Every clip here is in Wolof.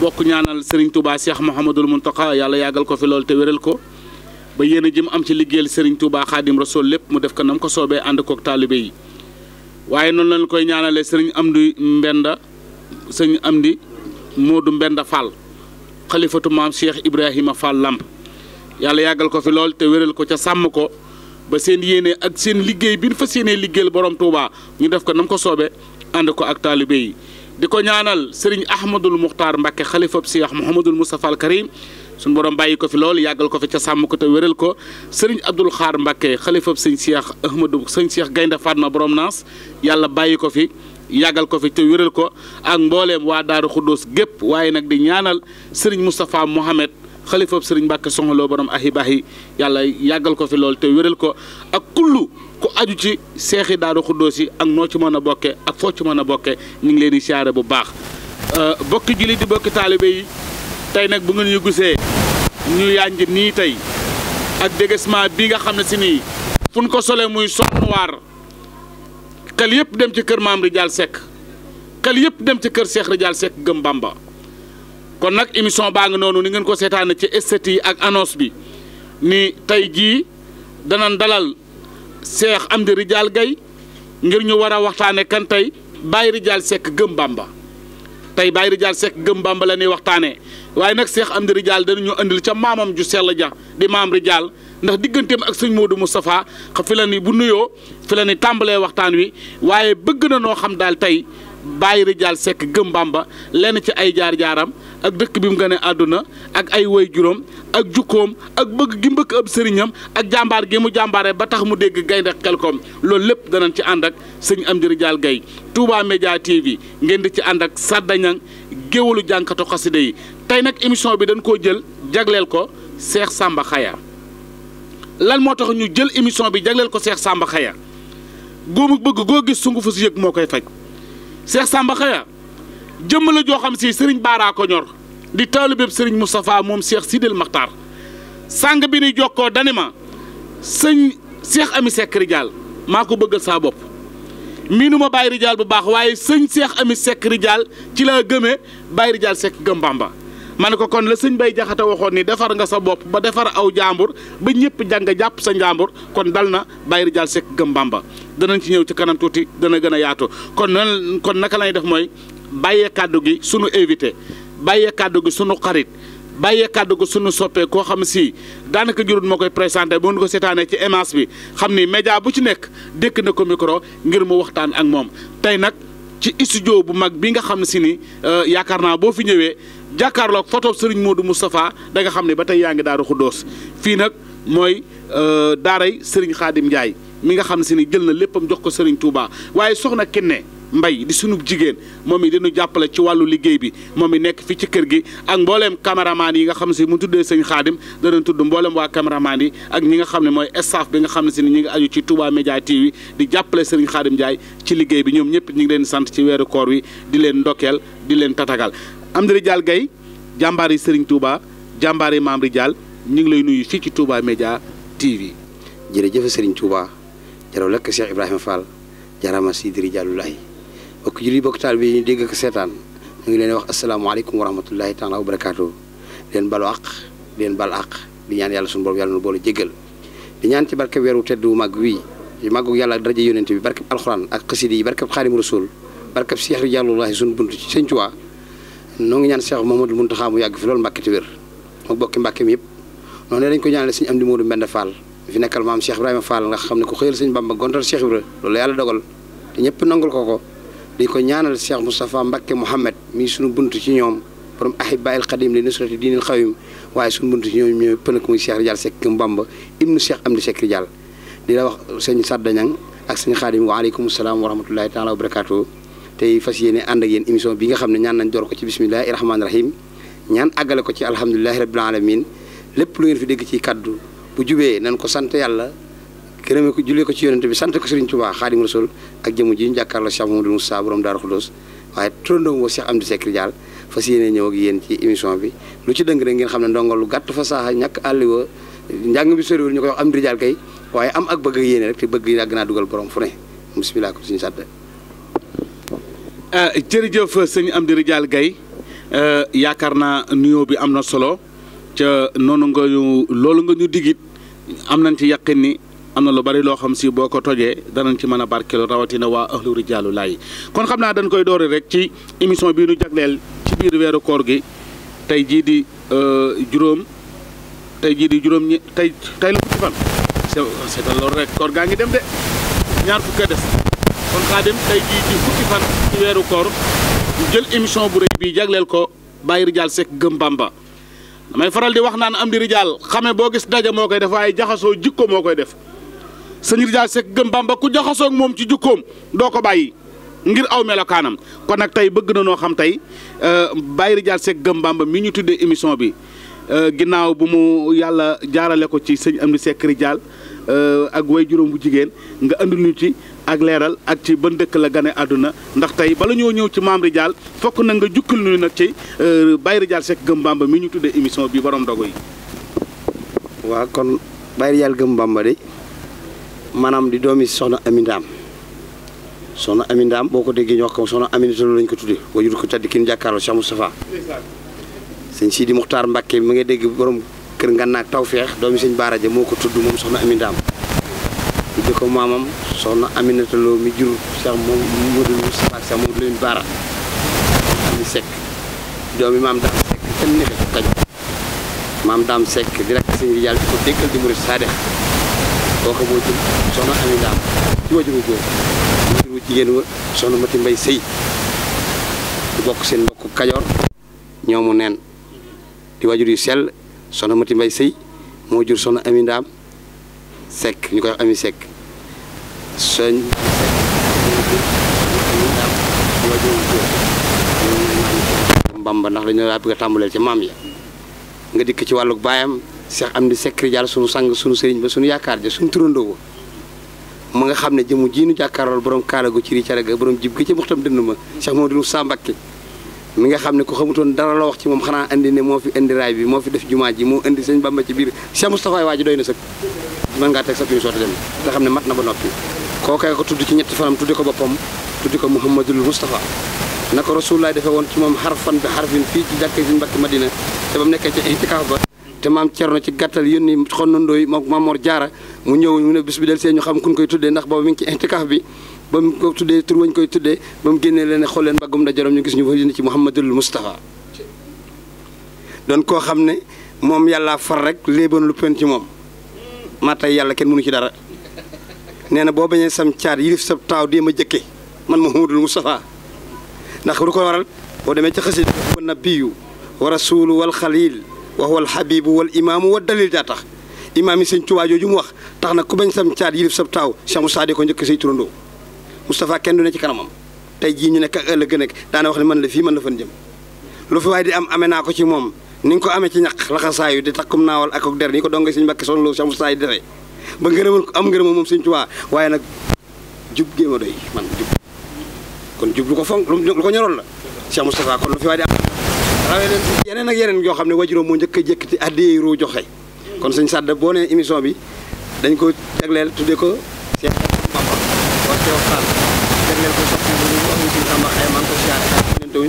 bokk ñaanal Serigne Touba Cheikh Mouhamadul Mountakha yàlla yàggal ko fi loolu te wéral ko ba yéen a jëm am ci liggéeyal Serigne Touba Xaadim Rasool lépp mu def ko nam ko soobee ànd kook taalibe waaye noonu lañ koy ñaanalee Serigne Amdi Mbenda Serigne Amdi Modou Mbenda Fall xalifatu maam Cheikh Ibrahima Fall Lamp yàlla yàggal ko fi lool te wéral ko ca sàmm ko ba seen yéene ak seen liggéey bi ñu fas yéenee liggéeyal borom Touba ñu def ko nam ko soobee ànd ko ak taalibe yi. diko ñaanal sëriñ ahmadul muxtaar mbàkke xalifab seex muhammadul mustafa al karim sun borom bayiko fi lol yagal ko fi ca sam ko te wërel ko sëriñ abdul khar mbake khalifa sëñ seex ahmadou sëñ seex gaynda fatma borom nas yàlla bayiko fi yagal ko fi te wërel ko ak mbollem wa daru xuddoos gep waye nak di ñaanal sëriñ mustafa mohamed xalifab serigne mbake soxaloo borom ahibahi yàlla yagal ko fi lol te wërel ko ak kullu ku aju ci seex yi Xuddoos yi ak noo ci mën a bokkee ak foo ci mën a bokke ñu ngi leen di siyaare bu baax euh, bokki jullit di bokki taalibe yi tey nag bu ngeen ñu gisee ñu yànj nii tey ak déguisement bi nga xam ne si nii fu ñu ko solee muy sonnuwaar xel yëpp dem ci kër maam Ridial Seck xel yëpp dem ci kër Seex Ridial Seck gëm Bamba kon nag émission baa ngi noonu ni ngeen ko seetaane ci esthétique yi ak annonce bi ni tey jii danan dalal Cheikh Amdi Ridial Gaye ngir ñu war a waxtaane kan tey Baye Ridial sekk gëm Bamba tey Baye Ridial Seck gëm Bamba la ñuy waxtaanee waaye nag Cheikh Amdi Ridial danañu andil ca maamam ju sell ja di maam Ridial ndax digganteem ak sëñ Modou Moustapha fi la ni bu nuyoo fi la tàmbalee waxtaan wi waaye bëgg na noo xam daal tey Baye Ridial Seck gëm Bamba lenn ci ay jaar-jaaram ak dëkk bi mu gane àdduna ak ay woy juróom ak jukkoom ak bëgg gi mbëkk ab sëriñam ak jàmbaar gi mu jàmbaare ba tax mu dégg gaynde xelkom loolu lépp danañ ci ànd ak sëñ Amdi Rijaal Gay Touba Média TV ngeen di ci ànd ak Sada Ñang géwalu jànkatu xasida yi tey nag émission bi dañ koo jël jagleel ko Seex Sàmba Xaya lan moo tax ñu jël émission bi jagleel ko Seex Sàmba Xaya góomu bëgg goo gis sungu fu yëg moo koy faj Seex Sàmba Xaya jëmm la joo xam si sëriñ Baara di taalibeb sëriñ Moustapha moom Cheikh Sidil Makhtar sàng bi ni jokkoo dani ma sëñ Cheikh Ami Seck Ridial maa ko bëggal saa bopp miinu ma Baye Ridial bu baax waaye sëñ Cheikh Ami Seck Ridial ci laa gëmee Baye Ridial Seck gëm Bamba ma ne ko kon la sëñ Bay jaxata waxoon ni defar nga sa bopp ba defar aw jàmbur ba ñëpp jàng jàpp sa njàmbur kon dal na Baye Ridial Seck gëm Bamba danañ ci ñëw ci kanam tuuti dana gën a yaatu kon kon naka lañuy def mooy bàyyee kàddu gi sunu invité bàyyee kàddu gi sunu xarit bàyyee kàddu gi sunu soppee koo xam si daanaka jurut moo koy présenté bu ñu ko seetaanee ci émission bi xam ni média bu ci nekk dékk na ko micro ngir mu waxtaan ak moom tey nag ci studio bu mag bi nga xam si ni euh, yaakaar naa boo fi ñëwee jàkkaarloog photo Serigne Modou Moustapha da nga xam ne ba tey yaa ngi daaru doos fii nag mooy euh, daaray Serigne Khadim Ndiaye mi nga xam si ni jël na léppam jox ko Serigne Touba waaye soxna Kenne mbay di sunub jigéen moom it dinu jàppale ci wàllu liggéey bi moom it nekk fi ci kër gi ak mbooleem caméraman yi nga xam si mu tuddee sëñ xaadim danañ tudd mbooleem waa caméraman yi ak ñi nga xam ne mooy staff bi nga xam ne si ni ñi ngi aju ci Touba Média TV di jàppale sëriñ xaadim Ndiaye ci liggéey bi ñoom ñëpp ñu ngi leen sant ci weeru koor wi di leen ndokkeel di leen tatagal Amdi Dial Gaye jàmbaar yi sëriñ Touba jàmbaar yi Maam Dial ñu ngi lay nuyu fii ci Touba Média TV jërëjëf sëriñ Touba jaraw lekk Cheikh Ibrahima Fall jarama Sidiri Diallo Laye ak julli bok taal bi ñu dégg ak sétan ñu ngi leen wax alaykum wa rahmatullahi taala wa barakatuh leen balu wax leen bal ak di ñaan yalla suñu borom yalla ñu boole jéggel di ñaan ci barke wéru tedd wu mag wi yi màggu yàlla ak daraja yonente bi barkeb alxuraan ak qasidi yi barkeb xaadim rasul barkeb seex jàllullahi suñu buntu ci sëñ Tuubaa no ngi ñaan cheikh Mamadou muntaha mu yàgg fi lool mbàkke te wér mo bokki mbàkke mi no noonu dañ ko ñaanale sëñ Amdi modou Mbend Fall fi nekkal maam Cheikh Ibrahima Fall nga xam ko xeyal señ Bamba gontal Cheikh Ibra lool yalla dogal te nangul koko di ko ñaanal cheikh mustapha Muhammad, mohammed mi sunu buntu ci ñom borom ahibba al qadim li nusrati al qawim waaye sunu buntu ci ñoom ñoy pënk muy cheikh rijal sekk mbamba ibnu cheikh amdi di la wax sëñ saddañang ak seigne khadim wa alaykum assalam wa rahmatullahi taala wa barakatuh tay fas yéene ànd ak yéen emission bi nga xamne ñaan nañ door ko ci bismillahir rahmanir rahim ñaan agale ko ci alhamdulilahi rabbil alamin lepp lu ngeen fi deg ci kaddu bu jubé nan ko sante yalla gërëme ko jullee ko ci yonent bi sant ko Serigne Touba Khadim Rasoul ak jëmu ji ñakkar la Cheikh mohamed Moussa borom daru Khoudoss waye turandoom mo Cheikh Amdi sekri dial fasiyene ñew ak yeen ci émission bi lu ci dëng rek ngeen xam ndongal lu gatt fa saha ñak alli wa jang bi soriwul ñu wax amdou dial kay waye am ak bëgg yeen rek te bëgg yàgg na dugal borom fu ne bismillah ko suñu sàdd ah jërëjëf serigne amdou dial gay euh naa nuyo bi amna solo ca nonu nga ñu lolu nga ñu digit am ci yàqin am na lu bari loo xam si boo ko tojee danañ ci mën a barkeelu rawatina waa ahlu rijaalu laay kon xam naa dañ koy doori rek ci émission bii nu jagleel ci biir weeru koor gi tey jii di euh, juróom tey jii di juróom tey tey la fan loolu rek koor gaa ngi dem de ñaar fukka des ci weeru koor ñu jël émission bu rek bii jagleel ko bàyyi rijaal sekk gëm ba damay faral di wax naan am di rijaal xame boo gis daje moo koy def waaye jaxasoo jikko moo koy def sëñ Rijaas Seck gëm Bamba ku jaxasoo moom ci jukkoom doo ko bàyyi ngir aw melokaanam kon nag tey bëgg na noo xam tey euh, bàyyi Rijaas Seck gëm Bamba mi ñu tuddee émission bi euh, ginnaaw bu mu yàlla jaarale ko ci sëñ Amdi Seck Rijaal euh, ak way juróom bu jigéen nga andi ñu ci ak leeral ak ci ban dëkk la gane àdduna ndax tey bala ñoo ñëw ci maam Rijaal fokk na nga jukkal ñu nag ci Baye Rijaal Seck gëm Bamba mi ñu tuddee émission bi borom dogo yi. waaw kon Baye Rijaal gëm Bamba de. manam di domi soxna sona Ndaam amindam boko degge boo ko déggee ñoo xam soxna Aminata Lo lañ ko tuddee wajur ko tadd kin jàkkaarloo Cheikh mustafa sëñ Sidi Muxtaar Mbàkke mi nga degge borom keur ngannaak tawfeex doomi sëñ Baara Ja moo ko tudd moom di Ami Ndaam ko mamam soxna Aminata Lo mi jur Cheikh mom Modou mustafa Cheikh mom leen bara di sek domi mam Daam sek tan nexe ko kañ maam Daam Seck di rek sëñ ko dekkal di murit saade kooku moo jur soxna ami ndaam ci wajuru góor wajuru jigéen wa soxna mati mbay sëy di bokk seen mbokku kajoor ñoomu neen di wajur yu sell soxna mati mbay sëy moo jur soxna ami ndaam sekk ñu koy ami sekk soñ mbamba ndax dañu laa bëgg a ci maam ya nga dikk ci wàlluk baayam Cheikh Amdi Seck Rijaal sunu sang sunu sëriñ ba sunu yaakaar ja sunu turandoo mu nga xam ne jëmu jiinu jàkkaarool borom kaala gu ci ri caraga borom jib gi ca muxtam nga xam ne ko xamutoon dara la wax ci moom xanaa indi ne moo fi indi raay moo fi def jumaa ji moo indi sëñ Bamba ci biir Cheikh Moustapha waa ji doy na dem nga xam ne mat na ba noppi kookee ko tudd ci ñetti fanam tuddi ko boppam tuddi ko Mouhamadul Moustapha na ko Rasulullah defee woon ci moom xarfan bi xarfin fii ci jàkkee sëñ Mbacké Madina te ba mu nekkee ca itikaaf ba te maam Cerno ci gàttal yónni xon nandooy moom Mamor Jaara mu ñëw mu ne bis bi del see ñu xam kun koy tudde ndax booba mi ngi ci intikaaf bi ba mu tuddee tur wañ koy tuddee ba mu génnee leen xool leen mbaggum ndajaram ñu gis ñu fa yónni ci Mouhamadul Moustapha doon koo xam ne moom yàlla far rek léeboon lu pen ci moom maa tey yàlla kenn mënu ci dara nee na boo bañee sam caat yilif sab taaw dee ma jëkke man Mouhamadul Moustapha ndax lu ko waral boo demee ca xasida wa nabiyu wa rasulu wal xalil wa huwa alxabibu wal imam wa dalil daa tax imam seigne touba Tuubaa mu wax tax na ku bañ sam tiar yilif sab taw Cheikh Moussa di ko njëkk say turandoo kenn du ne ci kanamam tay ji ñu da na wax ni man la fi man la fa lu fi way di am amena ko ci mom ni nga ko amé ci ñaq laxasaayu di takum nawal ak ak der ni ko dongay seigne Mbàkke sonn loolu Cheikh Moussa ba am ngeerum mom seigne touba waaye nak jub doy man jub kon jub lu ko fonk lu ko ñoroon la Cheikh Moustapha kon lu fi way di yeneen ak yeneen yoo xam ne wajuroo moo njëkk a jëkkati addiyey ruu joxe kon sëñ Sadd boo nee émission bi dañ ko jagleel tudde ko Cheikh ñu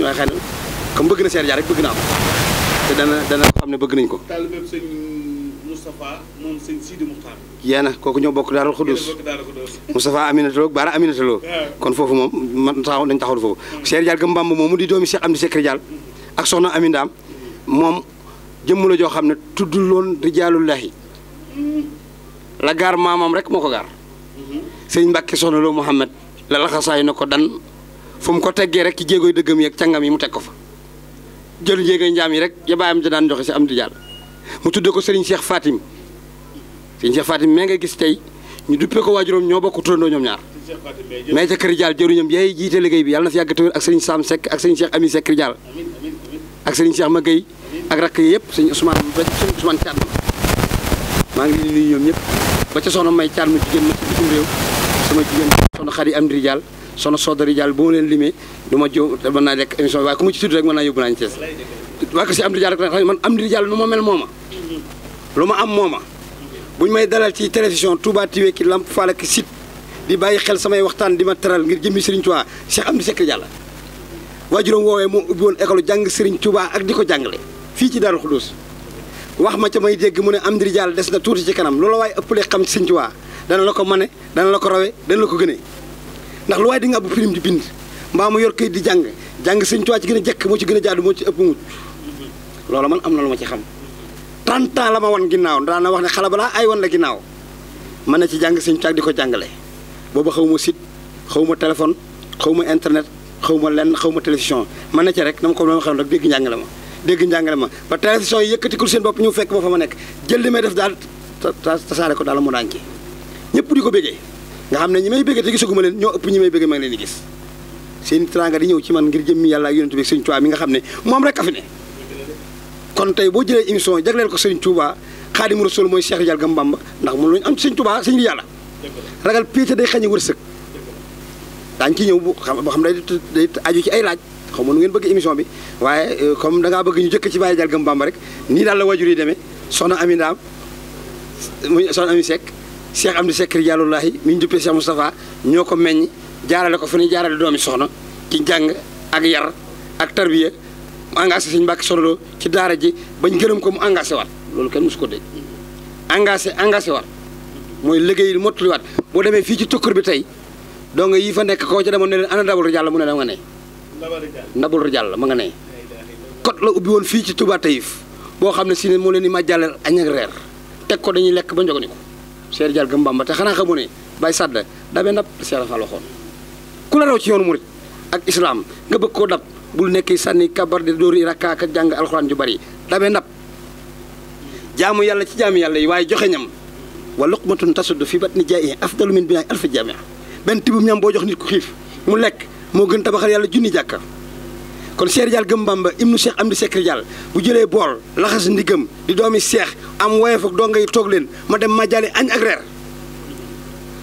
wax ñu bëgg na seer jaar rek bëgg na am te dana dana xam ne bëgg nañ ko taalibeem sëñ Moustapha moom sëñ Sidi Muxtaar kooku ñoo bokk Daarul Xudus Moustapha Aminata Lo Baara Aminata kon foofu moom man taxaw dañ taxaw foofu seer mm. jaar gëm Bamba moomu di doomi Cheikh Amdi Sekri Diall ak soxna amindaam moom jëmm la joo xam ne tudd loon rijaalullahi la gaar maamam rek moo ko gaar sëñ Mbàkke soxna loo Muhammad la laxasaay na ko dan fu mu ko teggee rek ci jéegoy dëggam yi ak cangam yi mu teg ko fa jël jéegoy njaam yi rek ya baayam ja daan joxe si am di jàll mu tudde ko sëriñ Cheikh faatim sëriñ Cheikh Fatim mee nga gis tey ñu duppee ko waajuróom ñoo bokk turandoo ñoom ñaar mais ca kër Rijaal jëruñam yaay jiite liggéey bi yàlla na fi yàgg tawér ak sëriñ Sam Seck ak sëriñ Cheikh Ami Seck Rijaal ak sëriñ Cheikh Maguette ak rakk yi yëpp sëñ Ousmane ba sëñ Ousmane maa ngi leen di nuyu ñoom ñëpp ba ca soxna May Thiam jigéen ma ci bitim réew sama jigéen soxna Khady Amdi Diall soxna Sodari Diall bu leen limee du ma jóg mën naa lekk émission bi waaye ku ma ci tudd rek mën naa yóbbu naa ñu Thiès waa ko si Amdi Diall rek man Amdi Diall nu ma mel mooma lu ma am mooma bu ñu may dalal ci télévision Touba TV ki Lamp Fall ak site di bàyyi xel samay waxtaan di ma teral ngir jëmmi Serigne Touba Cheikh Amdi Seck Diall wajurum wowe mo ubbi woon école jang Serigne Touba ak diko ko fi ci darul khudus wax ma ca may deg mu ne am ndiri jàll des na tuuti ci kanam lolo way ëppale xam Serigne Touba dan la ko mané dan la ko rawe Dan la ko gëné ndax lu way di nga bu film di bind mba mu yor kay di jang jang Serigne Touba ci gëna jek mo ci gëna mo ci epp mu lolo man am luma ci xam 30 ans lama won wan ginau. na wax ne xala bala ay wan la ginnaw mané ci jang Serigne Touba di ko jàngale booba xaw musik, site xaw ma téléphone internet xawma len xawma télévision man na ci rek dama ko doon xam rek deg njàngale ma dégg njàngale ma ba télévision yëkëti kul seen bop ñu fekk ba fa ma nek jël li may def dal tasaare ko dal mu daan ci ñepp di ko bëggé nga xam ne ñi may bëggé te gisuguma len ñoo ëpp ñi may bëggé ma ngi leen di gis seen tranga di ñëw ci man ngir jëmmi yalla ak yonent bi sëñ Tuubaa mi nga xam ne moom rek ka fi ne kon tey boo jëlee émission jagleel ko sëñ Tuubaa khadim rasoul moy Cheikh Ridial Gambamba ndax mu luñ am sëñ Tuubaa sëñ yalla ragal pété day xañi wërsëg daañu ci ñëw bu xam xam day day aju ci ay laaj xaw ma nu ngeen bëgg émission bi waaye euh, comme da bëgg ñu jëkk ci bàyyi jal gëm bàmba rek nii daal la wajur yi demee soxna Ami Ndaam muy soxna Ami Seck Cheikh Amdi Seck Rijalullahi mi ñu duppee Cheikh Moustapha ñoo ko meññ jaarale ko fa ñuy jaarale doomi soxna ci jàng ak yar ak tarbiya mu engagé Sëñ Mbàkke Soxna ci daara ji bañ gërëm ko mu engagé waat loolu kenn mosu ko dégg engagé waat mooy liggéey mottaliwaat boo demee fii ci tokkar bi tey donc yi fa nek ko ci demoon ne ana dabul rijal mu ne dama ne dabul rijal ma nga ne kot la ubi won fi ci Touba tayif bo xamne sine mo ne moo leen di màjjaleel añ ak reer teg ko dañuy lek ba njogoni ko seer jal bamba te xana xamone bay sadda dabe nap cheikh fa ku la ak islam nga bëgg ko dab bul nekk sànni kabar de dori rakka ak jang alxuraan ju bari dabe nap jaamu yalla ci jaamu yalla yi waaye joxe ñam wa luqmatun tasuddu fi batni afdalu min bi'a alf jami'a benn tibbum ñam boo jox nit ku xiif mu lekk moo gën tabaxal yàlla junni jàkka kon Cheikh Dial gëm Bamba ibnu Cheikh Amdi Sekri Dial bu jëlee bool laxas ndigam di doomi seex am woyof ak donga toog leen ma dem ma jale añ ak reer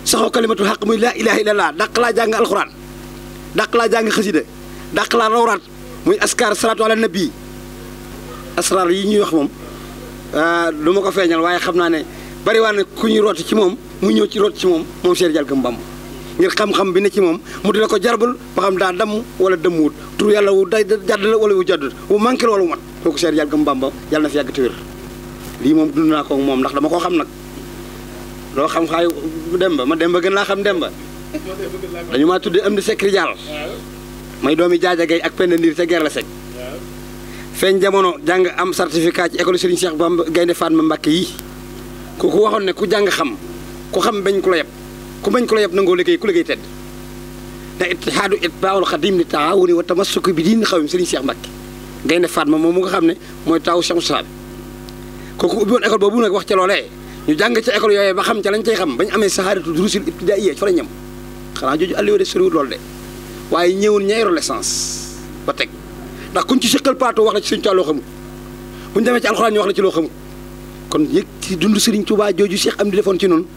saxoo kalimatul xaq muy laa ilaha illallah dàq laa jàng alxuraan dàq laa jàng xasida dàq laa rawraat muy askar salaatu ala nabi asrar yi ñuy wax moom ah, du ko feeñal waaye xam naa ne bari ku ñuy rooti ci moom mu ñëw ci rooti ci moom moom Cheikh Dial ngir xam-xam bi ne ci mom mu di ko jarbul ba xam da dam wala demut tur yalla wu day jadd la wala wu jadd wu manqué wala mat ko ko seer yalla gam bamba yalla na fi yàgg téwér li mom dund na ko mom ndax dama ko xam nak lo xam xaay demba ma demba gën laa xam demba dañu ma tuddi am di sekri jàll may doomi jaaja gay ak penn ndiir te ger la sec feeñ jamono jang am certificat ci école Serigne Cheikh Bamba gayne Fatma Mbàkke yi ku waxoon ne ku jang xam ku xam bagn ko la yeb ku bañ ko la yab nangoo liggéey ku liggéey tedd da ittihaadu itbaawul xadim li taawuni wa tamassuki bi diin xawim Serigne Cheikh Mbacke gaynde Fatma moom mu nga xam ne mooy taawu Cheikh Moussa bi kooku ubbi woon école boobu nag wax ca loolee ñu jàng ca école yooyee ba xam ca lañ cay xam bañ amee saxaaratu durusul ibtidaaiya fa la ñam xanaa jooju Aliou de soriwul loolu de waaye ñëwoon ñeeru l'essence ba teg ndax kuñ ci sëqal plateau wax la ci Sëriñ Tuubaa loo xamul buñ demee ci alxuraan ñu wax la ci loo xamul kon yëg ci dund Sëriñ Tuubaa jooju Cheikh am defoon ci noonu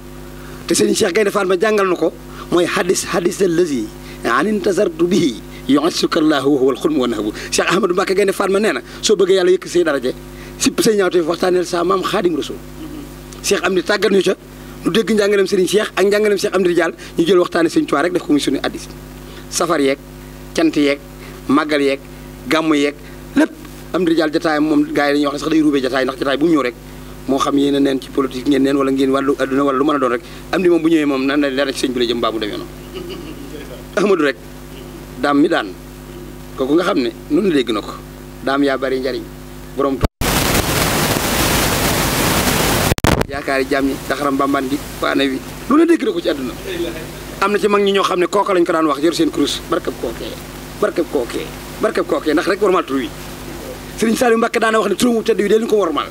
te sëriñ Cheikh Gaynde Fatma jàngal na ko mooy hadis hadis allazi anin tasartu bihi yu'assuka Allahu wa huwa al-khulmu wa nahbu Cheikh Ahmadou Mbacke Gaynde Fatma nee na soo bëggee yàlla yëkk say daraje sipp say ñaaw te waxtaaneel sa maam xaadim rasul Cheikh am ni tàggat ñu ca nu dégg njàngaleem sëriñ Cheikh ak njàngaleem Cheikh Amady Diall ñu jël waxtaane sëriñ Tuubaa rek def ko muy sunu hadis safar yeeg cant yeeg màggal yeeg gàmm yeeg lépp Amady Diall jataayam moom gars yi dañuy wax ne sax day jataay ndax bu ñëw rek mo xam yeena neen ci politique ngeen neen wala ngeen walu aduna wala lu doon rek am ni moom bu ñewé mom nan la rek sëñ bi la jëm babu dem yono rek dam mi daan ko nga xamne ne noonu dégg na dam ya yaa bari njariñ borom yaakaari jaam ñi taxaram bamban gi faane wi lu la dégg na ko ci aduna am ci mag ñi ñoo xamne ne lañ ko daan wax jër seen cruise barkab kookee barkab kookee barkab kookee nak rek warmal tru wi serigne salim Mbacke daana wax ni turam mu tedd wi de lu ko warmal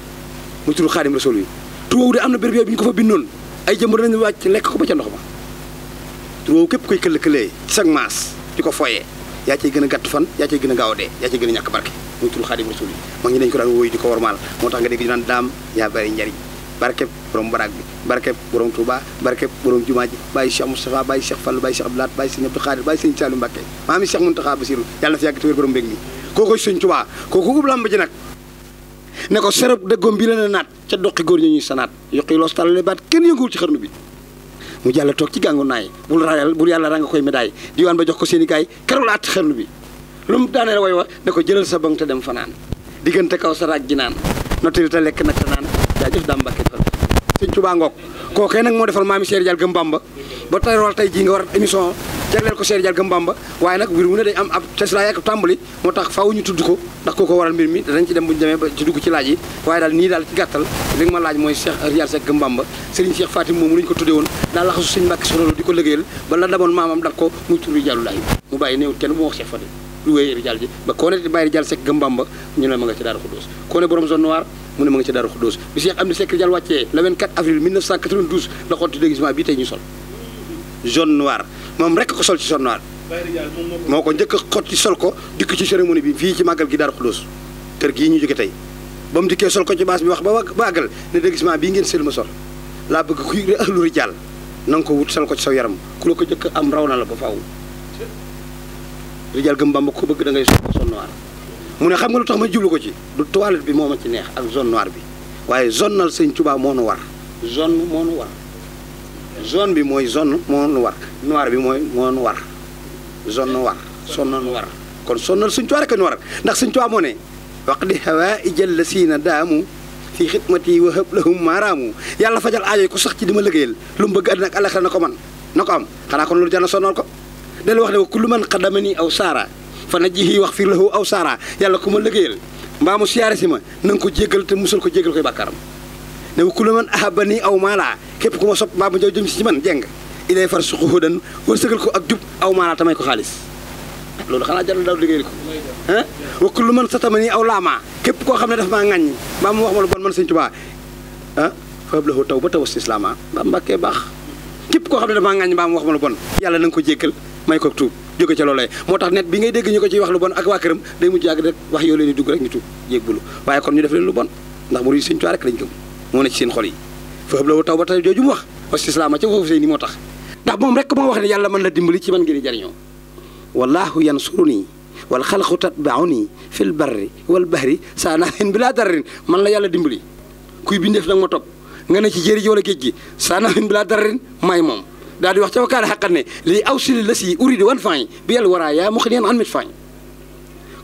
mu tudu khadim rasul yi turoowu de amna na biñ ko fa bindon ay jëm lañu wacc lek ko ba ca ndox ma turoowu képp koy kele kele ci sag maas di ko foyee yaa cay gën a fan ya ci gëna a gaaw a dee yaa cay gën a ñàkk barke muy tudd xaadim rasul yi mo ngi dañ ko daan woy di ko warmaal moo tax nga dégg ñu naan daam ya bari ñari barkeb borom baraag bi barkeb borom Touba barkeb borom jumaa ji bàyyi Cheikh mustafa bay Cheikh Fall bay Cheikh Abdoulaat bay seigne Abdou Khadir bay seigne Saliou Mbacke maami Cheikh Mountakha basirou yalla fi yàgg tawir borom mbeg mi koko seigne Touba koko ub lamb ji nak ne ko sereb dëggoom bi la a naat ca doqi góor ñu ñuy sa naat yoqi loos talale baat kenn yënguwul ci xarnu bi mu jàll toog ci gàngu naay bul rayal bul yàlla ranga koy médaille diwaan ba jox ko seen i gaay la àtt xarnu bi lu mu daaneel way wa ne ko jëlal sa bang te dem fanaan diggante kaw sa raaj ji naan notari te lekk nag te naan jaajëf daam mbàkke fal sëñ Tuubaa ngoog kookee nag moo defal maami seeri jàll gëm Bàmba ba tey rool tey jii nga war émission jagleel ko Cheikh Dialga Mbamba moo tax faaw ñu tudd ko ndax kooko waral mbir mi danañ ci dem buñu demee ba ci dugg ci laaj yi waaye daal nii daal ci gàttal li la ñu ko tuddee woon daal la damoon maamam daf ko muy tudd Rijalu Laay mu bàyyi néew kenn Rijaal ji la xotti déguisement bi tey ñu sol jaune noir moom rek ko sol ci jaune noir. moo ko njëkk a xot ci sol ko dikk ci cérémonie bi fii ci màggal gi Daaru Xulóos kër gii ñu jóge tey ba mu dikkee sol ko ci baas bi wax ba bàggal ne déguisement bii ngeen seel ma sol laa bëgg kuy ahlu rijaal na nga ko wut sol ko ci saw yaram ku la ko njëkk am raw na la ba faw rijaal gëm Bamba ko bëgg da ngay sol ko sol noir mu ne xam nga lu tax ma jublu ko ci du toilette bi moom ma ci neex ak zone noire bi waaye zone na sëñ Tuubaa moo nu war zone moo nu war zone bi mooy zone moo nu war noir bi mooy moo nu war zone nu war sonna nu war kon sonnal suñ tuwaa rek nu war ndax suñ tuwaa moo ne waq di hawa ijal la siina daamu fii xidmati wa hëb lahum maaraamu yàlla fajal aajo ko sax ci di ma liggéeyal lu mu bëgg àddina ak àllaxira na ko man na ko am xanaa kon loolu jana sonnal ko del wax ne wa kullu man xadamani aw saara fa najjihi wax la lahu aw saara yàlla ku ma liggéeyal mbaamu mu siyaare si ma na ko jéggal te musal ko jéggal koy bàkkaaram ne kullu man ahabbani aw mala kep kuma sop babu mbaa ma jaw ci man jeng ilay far suquhu dan wërsëgal ko ak jub aw mala tamay ko khalis loolu xanaa jarul daal liggéeyal ko hein wa kullu satamani au lama kep koo xam ne daf maa ŋàññ mbaa mu wax ma bon man sëñ tubaa ah fablahu taw ba taw si islama mbaa mbàkkee kep képp koo xam ne damaa ŋàññ mbaa mu wax ma lu bon yàlla na nga ko jéggal may ko tuub jóge ca loolee moo net bi ngay deg ñu ko ci wax lu bon ak wa kërëm day mujj yàgg rek wax yo leen di dugg rek ñu tu yegbulu waye kon ñu def leen lu bon ndax mu ri sëñ tubaa rek lañ gëm moo ne ci seen xol yi foofu la taw ba taw jooju wax parce que islaama ca foofu seen moo tax ndax moom rek moo wax ne yàlla mën la dimbali ci man ngeen jariñoo wallahu yansuruni wal xalqu tatbauni fil barri wal bahri saa naamin bilaa dararin man la yàlla dimbali kuy bindeef nag ma topp nga ne ci jéeri ji wala géej gi saa naamin bilaa dararin maay moom daal di wax ca wakaana xaqat ne lii aw sili la si di wan faañ bi yàlla waraa yaa mu xi neen an mit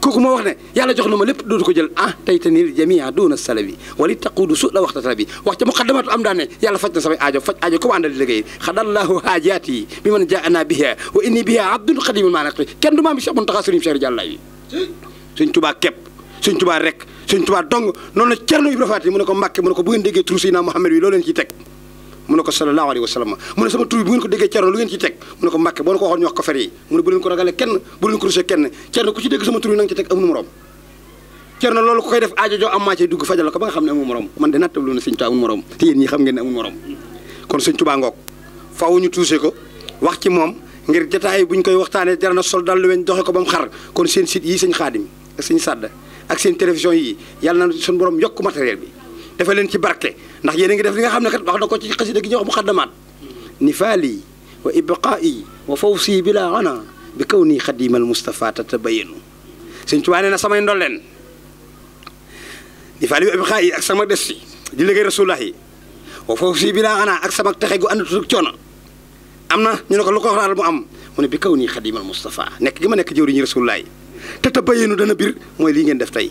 kooku moo wax ne yàlla jox na ma lépp dootu ko jël ah tey te nii jamia doona salabi wali taquudu su la waxta talabi wax ca mu xaddamatu am daan yàlla faj na samay aajo faj aajo ko àndal di liggéey xadallaahu haajaat yi bi man jaana biha wa inni biha abdul xadimul maa naqi kenn du maa mi Cheikh Mountakha Serigne Cheikh Dialla yi Serigne Touba képp Serigne Touba rek Serigne Touba dong noonu la Cerno Ibra Faati mu ne ko Mbàkke mu ne ko bu ngeen déggee turu Seydina Muhammad wi loo leen mu ne ko sallallahu alayhi wa sallam mu ne sama tur bi bu ngeen ko déggee Cerno lu ngeen ci teg mu ne ko Mbàkke boo na ko wax ko fer yi mu ne bu leen ko ragale kenn bu leen ko rusee kenn Cerno ku ci dégg sama tur bi ci teg amul morom Cerno loolu ku koy def aajo joo am maa cay dugg fajal ko ba nga xam ne amul morom man de nattablu na sëñ Tuubaa amul morom te yéen xam ngeen ne amul morom kon sëñ Tuubaa ngoog faaw ñu tuuse ko wax ci moom ngir jataay bu ñu koy waxtaanee jar na sol dal lu weñ doxe ko ba mu xar kon seen site yi sëñ Xaadim ak sëñ Sàdda ak yi yàlla na borom yokk matériel bi dafa leen ci barke ndax yéen ngi def li nga xam ne kat wax na ko ci xasida gi ñuy wax mu xaddamaat nifaali wa ibqaa'i wa fawsi bila ana bi kaw nii xadimal Mustafa tatabayanu Sëñ Tuubaa nee na samay ndolleen nifaali wa ibqaa'i ak sama des si di liggéey Rasulullah wa fawsi bila ana ak sama texe gu àndatul coono am na ñu ne ko lu ko waral mu am mu bi kaw nii xadimal Mustafa nekk gi ma nekk jëwriñu Rasulullah yi tatabayanu dana bir mooy lii ngeen def tey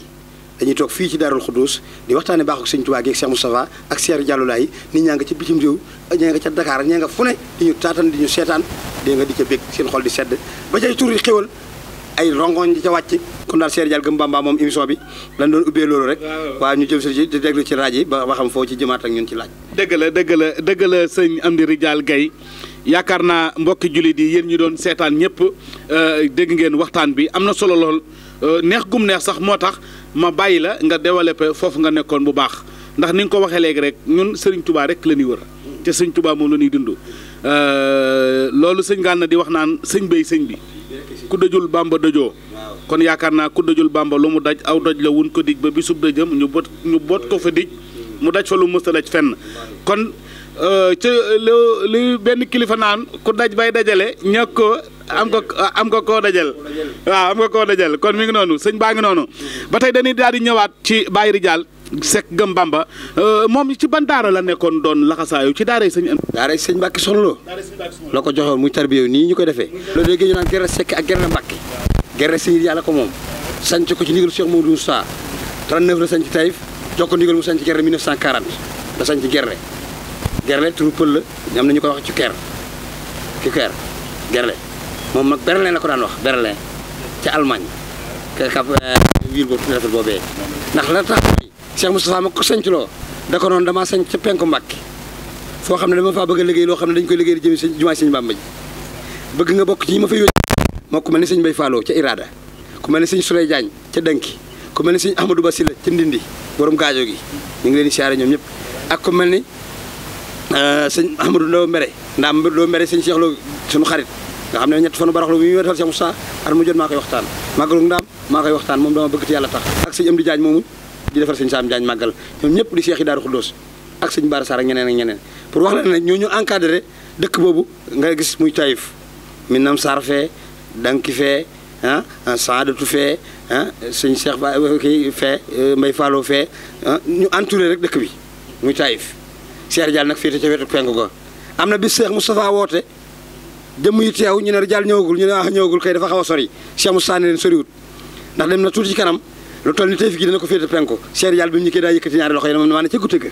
dañu toog fii ci Daarul Xuddus di waxtaane baaxu Sëñ Tuubaa gi ak Cheikh Moustapha ak Cheikh Diallo Laye nit ñaa nga ca bitim réew ñaa nga ca Dakar ñaa nga fu ne di ñu taatan di ñu seetaan di nga di ca bég seen xol di sedd ba cay tuuri xéwal ay rongoñ di ca wàcc kon daal Cheikh Diallo Gëm moom émission bi lan doon ubbee loolu rek waa ñu jëm si di déglu ci raaj yi ba waxam foo ci jëmaat ak ñun ci laaj dëgg la dëgg la dëgg la sëñ Amdi Rijaal Gay yaakaar naa mbokki jullit yi yéen ñu doon seetaan ñëpp euh, dégg ngeen waxtaan bi am na solo lool euh, neex gum neex sax moo tax ma bàyyi la nga développé foofu nga nekkoon bu baax ndax ni nga ko waxee léegi rek ñun sëriñ tubaa rek la ñuy wër te sëñ tubaa moom la ñuy dund euh, loolu sëñ Gana di wax naan sëñ bay sëñ bi ku dëjul bàmba dëjoo kon yaakaar naa ku dëjul bàmba lu mu daj aw doj la wun ko dij ba bisub dëjëm ñu bot ñu bot ko fa dij mu daj fa lu mës a daj fenn kon Euh, ca lu benn kilifa naan ku daj bay dajale ñàkk ko am ko am ko koo dajal waaw am ko koo dajal kon mi ngi noonu sëñ baa ngi noonu ba tey dañuy daal di ñëwaat ci Baye Ridial Seck Gëm Bamba euh, moom ci ban daara la nekkoon doon laxasaayu ci daara yi sëñ. daara yi sëñ Mbàkke Soxna la ko joxoon muy tarbiya nii ñu koy defee. loolu léegi ñu naan gerte sekk ak gerte Mbàkke. gerte sëñ Ridial la ko moom. sanc ko ci ndigal Cheikh Mamadou Moussa 39 la sanc Taïf jox ko ndigal mu sanc gerte 1940 la sanc gerte gerle turu la ñam nañu ko wax ci ker ci ker gerle mom nak berlin la ko daan wax berlin ci allemagne ke kap wir bo rafet bobé nak la tax cheikh moustapha ma ko sanc loo da ko non dama señ ci penku mbàkki fo xam dama fa bëgg liggéey lo xam dañ koy liggéey di jëmi señ juma señ bàmba ji bëgg nga bok ci ñi ma fa yónni moo ku mel ni bay fallo ci irada ku melni señ sëñ jagne ci denki ku melni señ sëñ ahmadou basila ca ndindi borom gaajo gi ñu ngi leen di ñom ñep ak ku melni euh seigne amadou lo mere ndam lo mere lo sunu xarit nga xamne ñett fanu barax lu muy wërtal cheikh moussa ar mu jot ma koy waxtaan magal ndam ma koy di defal seigne sam jagn magal ñom ñepp di cheikh daru khoudoss ak seigne bara sar ak ñeneen ak ñeneen pour wax la ne nga gis minam sar fe danki fe hein ah, saadatu fe ah, hein ba fe may fe ñu entourer rek dëkk muy taif Cheikh Ridial nag féete ca wetu penku ga am na bis Cheikh Moustapha woote jëmm yi teew ñu ne Ridial ñëwagul ñu ne ah ñëwagul kay dafa xaw a sori Cheikh Moustapha ne leen soriwut ndax dem na tuuti ci kanam lu toll ni tey fi gi dina ko féete penku Cheikh Ridial bi mu ñëkkee daa yëkkati ñaari loxo yi moom ne maa ne ca guddi ga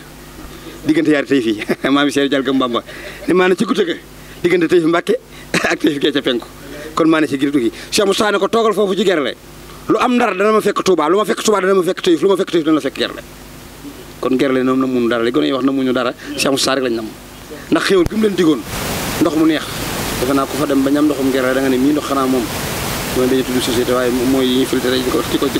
diggante yaari tey fii maam Cheikh Ridial gëm Bamba ne maa ne ca guddi ga diggante tey fi Mbàkke ak tey fi gee ca penku kon maa ne ci giritu gi Cheikh Moustapha ne ko toogal foofu ci gerle lu am ndar dana ma fekk Touba lu ma fekk Touba dana ma fekk Tayif lu ma fekk Tayif dana ma fekk gerle kon ger leen moom na mun dara li gone yi wax na muñu dara cheikh moussa rek lañ nam ndax xewul gi mu leen digoon ndox mu neex defe naa ko fa dem ba ñam ndoxum ger da nga ne mii ndox xanaa moom mooy dañu tudd société waaye mooy yi ñu filtré di ko di ko di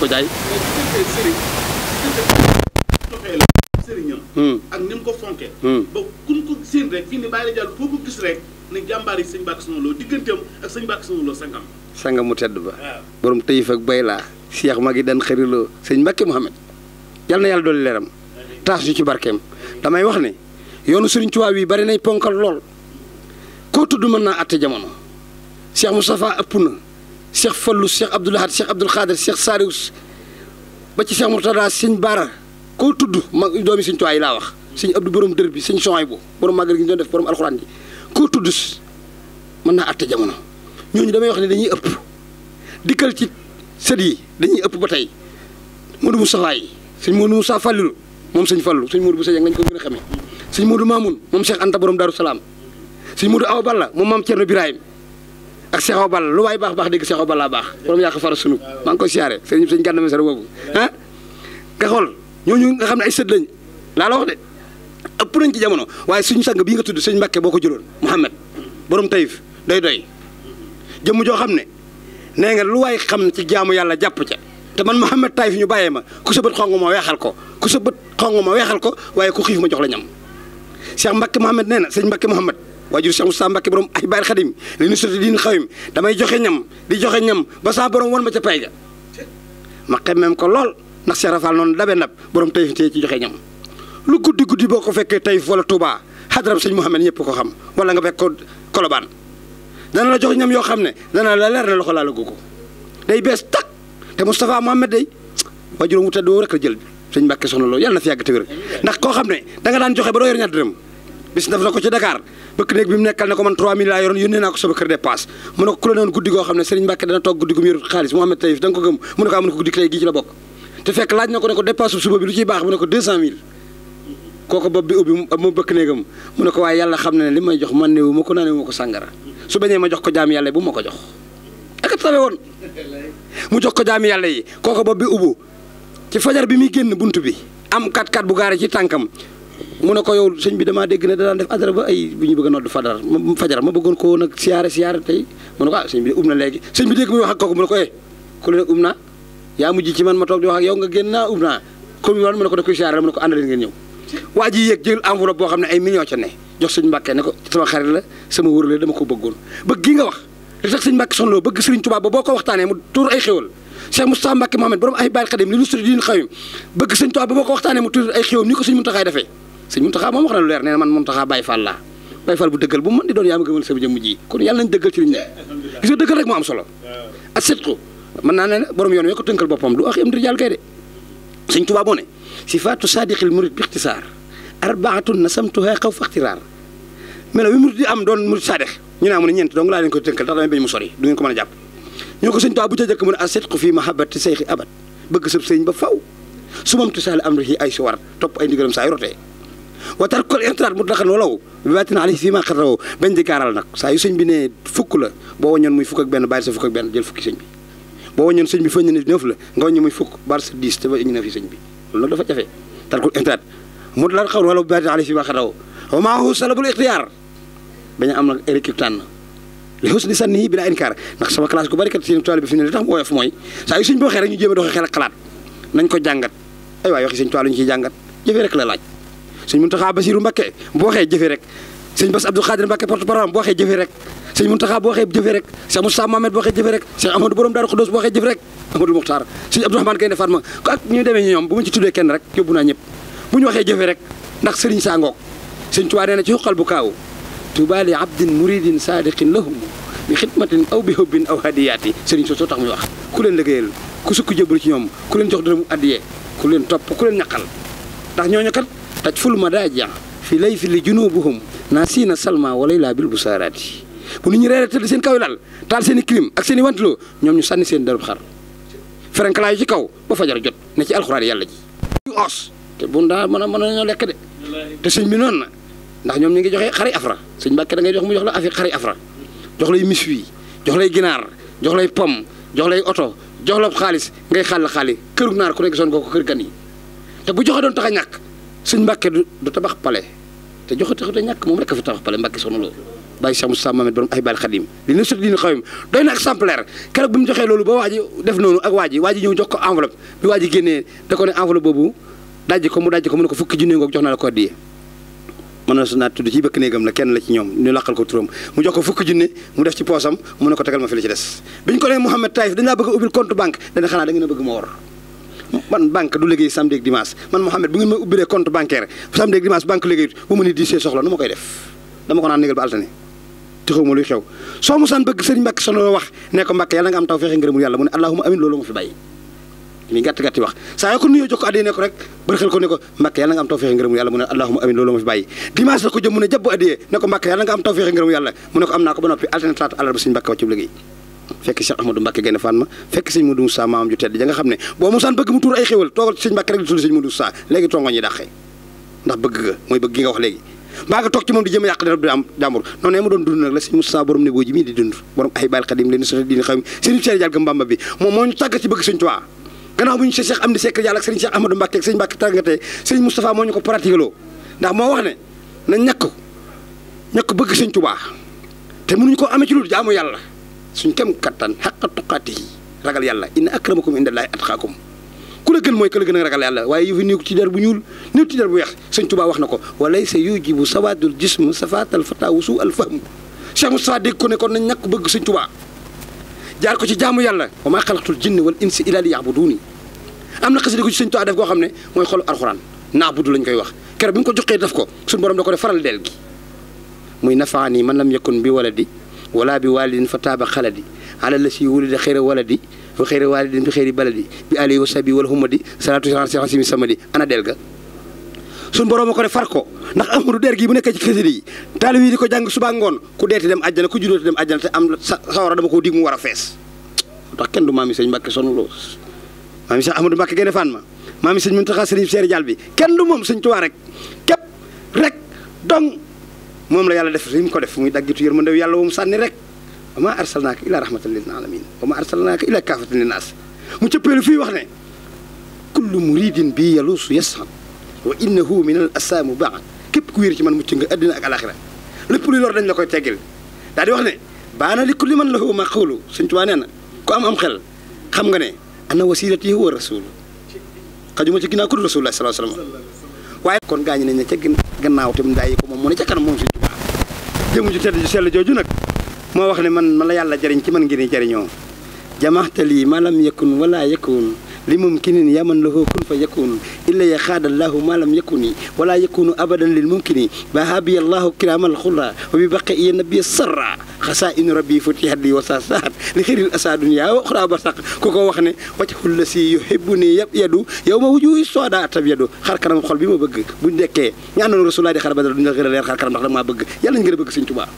hmm. ak nim ko fonké hmm. ba kun ko seen rek fini ni bayyi jall foko gis rek ne jambar yi seigne bakk lo digeentem ak seigne bakk lo sangam sangam mu tedd ba borom teyif ak bayla cheikh magi dan xirilo seigne mbacke mohammed yalla na yalla doli leram taas yu ci barkeem damay wax ne yoonu Sëriñ Tuubaa wi bari nay ponkal lool koo tudd mën naa àtte jamono Cheikh Moustapha ëpp na Cheikh Fallou Cheikh Abdoul Ahad Cheikh Abdoul Khadir Cheikh Saliou ba ci Cheikh Mourtada Sëñ bara koo tudd mag doomi Sëriñ Tuubaa yi laa wax Sëriñ Abdou borom dër bi Sëriñ Souhaïbou borom màggal gi ñu doon def borom alxuraan ji koo tudd mën naa àtte jamono ñooñu damay wax ne dañuy ëpp dikkal ci sët yi dañuy ëpp ba tey Modou Moustapha yi Sëriñ Modou Moustapha Fallilou mom seigne fallou seigne modou bu seigne lañ ko gëna xamé seigne modou mamoun mom cheikh anta borom daru salam seigne modou aw balla mom mam tierno ibrahim ak cheikh aw balla lu way bax bax deug cheikh aw balla bax borom yaq faru sunu mang ko siaré seigne seigne ganna sa bobu han ah, nga xol ñoñu nga xamné ay seud lañ la la wax dé ëpp nañ ci jamono waye seigne sang bi nga tuddu seigne mbacké boko jëlon mohammed borom tayif doy doy jëm jo xamné né nga lu way xam ci jaamu yalla japp ci te man Taif nyoba ñu bàyyee ma ku sa bët xongu ma wéxal ko ku sa bët xongu ma wéxal ko waye ku xif ma jox la ñam Cheikh Mbacke mohammed neena seigne Mbacke mohammed wajur Cheikh Moussa Mbacke borom ay baar khadim li ñu sotti diin xawim damay joxe ñam di joxe ñam ba sa borom won ma ca payga ma xemem ko lol nak Cheikh Rafal non dabe nab borom kolaban. ci joxe ñam lu guddi guddi boko fekke fekkee wala Touba seigne mohammed ñepp ko xam wala nga bekk ko dana la jox ñam yo xamne dana la leer na loxo la la day bes tak te Moustapha Mohamed day waajuróom wu tedd woo rek la jël sëñ Mbàkke soxna loolu yàlla na fi yàgg te wér ndax koo xam ne danga daan joxe ba doo yor ñaar dërëm bis def na ko ci Dakar bëkk néeg bi mu nekkal ne ko man 3000 laa yoroon yónnee ko ne ko ku la noon guddi goo xam na ah, ko guddi tey gii ci la bokk te fekk laaj na ko ne ko dépasse suba bi lu ciy baax mu ne ko 200000 kooku bopp bi ubbi mu bëkk néegam mu ne ko waaye yàlla xam ne li may jox man néewu ma ko naanewu ma ko sàngara su bañee ma jox ko jaam yàlla bu ma ko jox ak tawe woon mu jox ko jaami yàlla yi kooku bopp bi ubbu ci fajar bi muy génn bunt bi am kat kat bu gaare ci tànkam mu na ko yow sëñ bi damaa dégg ne da daan def adara ba ay bu ñu bëgg a nodd fadar ma fajar ma bëggoon ko nag siyaare siyaare tey mu ne ko ah um na léegi sëñ bi dégg wax ko eh, ku la ne um naa yaa mujj ci man ma toog di wax ak yow nga génn naa um naa comme yoon ko da koy siyaare mu ne ko ànd leen ngeen ñëw waa ji jël enveloppe boo xam ne ay millions ca ne jox sëñ Mbàkke ne ko sama xarit la sama wóor dama ko bëggoon ba gi nga wax li tax sëñ Mbàkke Soxna bëgg sëriñ Tuubaa ba boo ko waxtaanee mu tuur ay xéwal Cheikh Moustapha Mbàkke Mohamed ay baal xadim ko waxtaanee mu tuur ay xéwal ni ko moom wax na lu leer nee na man Muntaxaa Baay Faal laa Baay Faal bu dëggal bu mën di doon yaa ma gëmal sama jëmm ji kon yàlla nañ dëggal ci liñ ne gis nga dëggal rek moo am solo ak setku mën naa ne borom yoon wee ko tënkal boppam du axi am dir jàll kay de sëñ Tuubaa moo ne sifaatu saadiqil murid bi ixtisaar arbaatun nasamtuha xaw faxtiraar melo ñu naa mu ne ñeent dong laa leen koy tënkal ndax damay bañ mu sori du ngeen ko mën a jàpp ñu ko sëñ Tuubaa bu ca jëkk mu ne asidqu fi mahabbati seyxi abad bëgg sëb sëñ ba faw su mam tisaali amrihi ay si war topp ay ndigalam saa yu sëñ bi ne fukk la boo wañoon muy fukk ak benn bàyyi sa fukk ak benn jël fukki sëñ bi boo wañoon sëñ bi fëñ ne neuf la nga waññu muy fukk bari sa dix te bañ na fi sëñ bi loolu dafa jafe tarkul i'tiraad mutlaqan baña am nak équipe tan li husni sanni bila inkar nak sama classe ku bari kat seen toile bi fini ne tax woyof moy sa yu señ bo xé rek ñu jëme doxé xel ak xalaat nañ ko jangat ay wa waxi señ toile ñu ci jangat jëfé rek la laaj señ muntaha basirou mbacké bo xé jëfé rek señ bass abdou khadir mbacké porte parole bo xé jëfé rek señ muntaha bo xé jëfé rek señ moussa mohammed bo xé jëfé rek señ amadou borom daru khodos bo xé jëfé rek amadou mokhtar señ abdou rahman kayne fatma ko ak ñu démé ñom bu mu ci tuddé kenn rek yobuna ñep bu ñu waxé jëfé rek ndax señ sangok ngok señ touba néna ci xol bu kaaw tuuba li abdin muridin saadiqin lahum bi xidmatin aw bi hubbin aw hadiyaati sëriñ soo soo tax muy wax ku leen liggéeyal ku sukk jëbal ci ñoom ku leen jox dërëmu addiyee ku leen topp ku leen ñaqal ndax ñooñu kat taj ful madaaja fi lay fi li junubuhum naa siina salma walay laa bil bu saaraati bu nit ñi reere tëdd seen kaw taal seen i clim ak seen i ñoom ñu sànni seen darub xar ferenkalaayu ci kaw ba fajar jot ne ci alxuraan a mën a ñoo lekk ndax ñom ñi ngi joxe xari afra suñ mbàkke da ngay jox mu jox la afi xari afra jox lay misui jox lay ginar jox lay pom jox lay auto jox la xaliss ngay xal xali keur nar ku nek son goko keur kër gan yi te bu joxe don taxa ñak ñàkk suñ du tabax palé te joxe taxu ñak mom rek fa tabax palé mbàkke soxna lo bay Cheikh Moussa mamet borom ay bal khadim li na sut dina xawim doy na exemplaire keroog bi mu joxee loolu ba waji def nonu ak waji waji ñu jox ko enveloppe bi waji ji da ko ne enveloppe bobu dajji ko mu dajji ko mu ne ko fukki jinne ngok jox na la ko mën na sunaa ci bëkk neegam la kenn la ci ñom ñu laqal ko turum mu jox ko fukk jinné mu def ci posam mu ne ko tegal ma fi li ci dess biñ ko nee mohammed taif dañ laa bëgg a ubbil compte bank dana xana da ngeen bëgg ma wor man bank du liggéey samedi ak dimanche man mohammed bu ngeen ma ubbilee compte bancaire samedi ak dimanche bank liggéey bu ma ni di sé soxla nu ma koy def dama ko naan négal ba altané te xaw luy xew so mu san bëgg sëriñ Mbàkke solo wax ne ko Mbàkke yalla nga am taw ngeerum yalla mu ne allahumma amin loolu ma fi bàyyi mi gatt gatt wax sa yoo ko nuyo jox ko adé ne ko rek barxel ko ne ko makk yalla nga am tawfiq ngeerum yalla mu ne allahumma amin lolou ma fi baye dimanche ko jëm mu ne jàpp adiye ne ko makk yalla nga am tawfiq ngeerum yalla mu ne ko amna ko ba nopi alternative alarba seigne mbacke mbàkke wàccu fekk Cheikh Ahmadou Mbacke gene fan ma fekk seigne Modou sa maam ju tedd ja nga xamne bo boo san bëgg mu tour ay xewal togal seigne Mbacke rek du seigne Modou sa léegi tongo ñi daxé ndax bëgg ga moy bëgg gi nga wax léegi ba nga tok ci mom di jëm yàq dara jàmbur noné mu doon dund nak la seigne Moussa borom néegoo ji mii di dund borom ay bal khadim leen sota di xam seigne cheikh Cheikh Dialga Mbamba bi mom moo ñu tàggat ci bëgg seigne Tuubaa gannaaw bu ñu Cheikh Amdi Seck Yàlla ak sëriñ Cheikh Ahmadou Mbacke ak sëriñ Mbacke tàggatee sëriñ Moustapha moo ñu ko pratiqué loo ndax moo wax ne na ñàkk ñàkk bëgg sëñ Tuubaa te mënuñu ko amee ci lu jaamu yàlla suñ kem kattan xaqa tuqaatihi ragal yàlla inna akramakum indallaahi atqaakum ku la gën mooy ku la gën a ragal yàlla waaye yu fi néew ci der bu ñuul néew ci der bu weex sëñ Tuubaa wax na ko walay sa yujibu sawaadul jism safaatal fataa wusu al fahm Cheikh Moustapha dégg ko ne kon ñàkk bëgg sëñ Tuubaa jaar ko ci jaamu yàlla wa ma khalaqtul jinna wal insa illa liya'buduni amna am ko ci sëñ Tuubaa def go xamne moy xol alquran alxuraan naabudu lañ koy wax kere bi mu ko joxe def ko sun borom da ko def faral del gi muy nafaani man lam yakun bi waladi wala bi walidin fa taaba xaladi ala la wulida khayra waladi wa khayra walidin bi khayri baladi bi alihi wa sabi wal humadi salatu salaam samadi ana del ga suñu borom a ko def far ko ndax amadu der gi bu nekkee ci xasida yi taalib di ko jàng suba ngoon ku deeti dem àjjana ku judooti dem àjjana te am sawara dama ko dig mu war a fees ndax kenn du maam yi sëñ Mbàkke sonn loo maam yi sëñ Ahmadou Mbàkke gën a faan ma maam yi sëñ Muntaxa sëriñ seeri jàll bi kenn du moom sëñ Tuubaa rek képp rek dong moom la yàlla def li mu ko def muy daggitu yërmande yàlla wu mu sànni rek wa maa arsalnaaka illaa rahmatan lil alamin wa maa arsalnaaka illaa kaafatan linnaas mu cëppeelu fii wax ne kullu muridin bi yaluusu yasxan wa innahu minal assaamu baax képp ku wéeru ci man mucc nga àddina ak alaxira lépp luy dañ la koy teggil daal di wax ne baana li kulli man lahu maqulu Sëñ Tuubaa nee na ku am am xel xam nga ne ana wasilati huwa rasulu xajuma ci ginnaaw ku dul rasulullah sallallahu alayhi wasallam waaye kon gaañ nañ ne ca gannaaw tamit daay ko moom mu ne ca moom Sëñ Tuubaa jëmu ju tedd ju jooju nag moo wax ne man ma la yàlla jariñ ci man ngir ni jariñoo jamaxta lii ma lam yakun wala yakun li mumkinin yaman lahu kun fa yakun illa ya xaada allahu ma lam yakuni wala yakunu abadan lil mumkini bahabiya allahu kiraamal xulla wa bi baqi iya nabiya sarra xasaa inu rabbi futihat li wasa saat li xiril asaadun yaa waxraa ba sax ku ko wax ne wajhul la si yuhibbu ni yab yadu yow ma wujuhi sooda atab yadu xar kanam xol bi ma bëgg buñ dekkee ñu àndoon rasulaa di xar badara duñ la gën a leer xar kanam ndax dama bëgg yàlla ñu gën a bëgg sëñ tubaa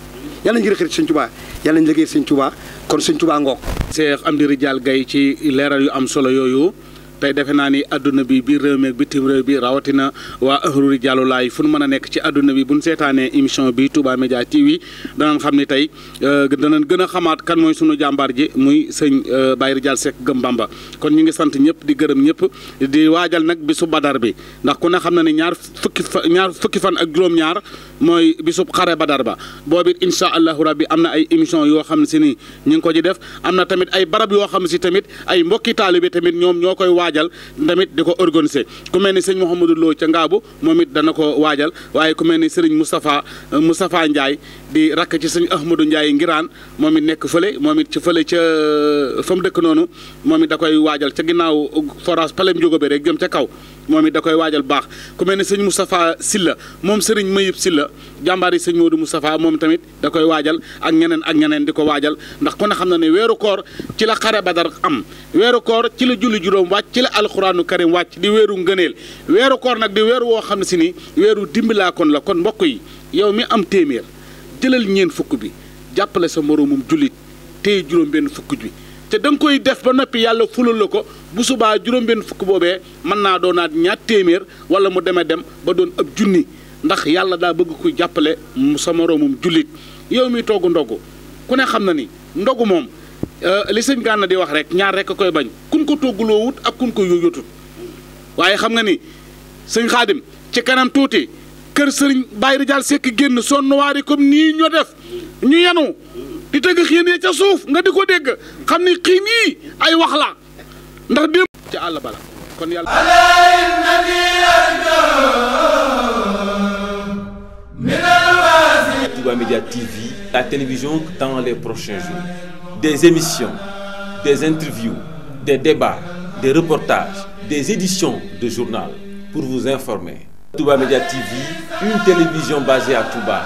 yàlla ñu gën a xarit sëñ tubaa yàlla ñu liggéey sëñ tubaa kon sëñ tubaa ngoog Cheikh Amdi Rijal Gaye ci leeral yu am solo yooyu tey defe naa ni adduna bi biir réew mi ak bitim réew bi rawatina waa ahlu rijaalu laay fu nu mën a nekk ci adduna bi bu ñu seetaanee émission bi Touba Média TV danañ xam ni tey euh, danañ gën a xamaat kan mooy sunu jàmbaar ji muy sëñ euh, Baye Ridial Seck Gëm mbamba kon ñu ngi sant ñëpp di gërëm ñëpp di waajal nag bisu badar bi ndax ku na xam na ne ñaar fukki fa fan ak juróom-ñaar mooy bisub xare badar ba boobu it incha allahu rabbi am na ay émission yoo xam si ni ñu ngi na tamit ay yoo xam si tamit ay mbokki taalibe waajal tamit di ko organiser ku mel ni sëñ Mouhamadou Lo ca Ngaabu moom it dana ko waajal waaye ku mel ni sëriñ Moustapha Moustapha Ndiaye di rakk ci sëñ Ahmadou Ndiaye Ngiraan moom it nekk fële moom it ci fële ca euh, fa mu dëkk noonu moom it da koy waajal ca ginnaaw euh, forage palem jógo bi rek jëm ca kaw moom it da koy waajal baax ku mel ne sëñ Moustapha Silla moom sëriñ Mayib Silla jàmbaar yi sëñ Modou Moustapha moom tamit da koy waajal ak ñeneen ak ñeneen di ko waajal ndax ku ne xam na ne weeru koor ci la xare badar am weeru koor ci la julli juróom wàcc ci la alxuraanu karim wàcc di weeru ngëneel weeru nag di weeru woo xam ne si ni weeru dimbalaakoon la kon mbokk yi yow mi am téeméer jëlal ñeen fukk bi jàppale sa moroomum jullit téye juróom-benn fukk bi te da nga koy def ba noppi yàlla fulal la ko bu subaa juróom-benn fukk boobee mën naa doonaat ñaar téeméer wala mu demee dem ba doon ab junni ndax yàlla daa bëgg kuy jàppale sa moroomum jullit yow mi togg ndogu ku ne xam na ni ndogu moom euh, li sëñ Gana di wax rek ñaar rekk a koy bañ kun ko togguloo wut ak kun ko yóoyotut waaye xam nga ni sëñ Xaadim ci kanam tuuti. kër sëriñ Baye Rijaal Sekk génn sonn waari comme ni ñu def ñu yanu di tëgg xiin ya ca suuf nga di ko dégg xam ni xiin yii ay wax la ndax démb ci àll bala kon yàlla Touba Média TV la télévision dans les prochains jours des émissions des interviews des débats des reportages des éditions de journal pour vous informer Touba Media TV, une télévision basée à Touba.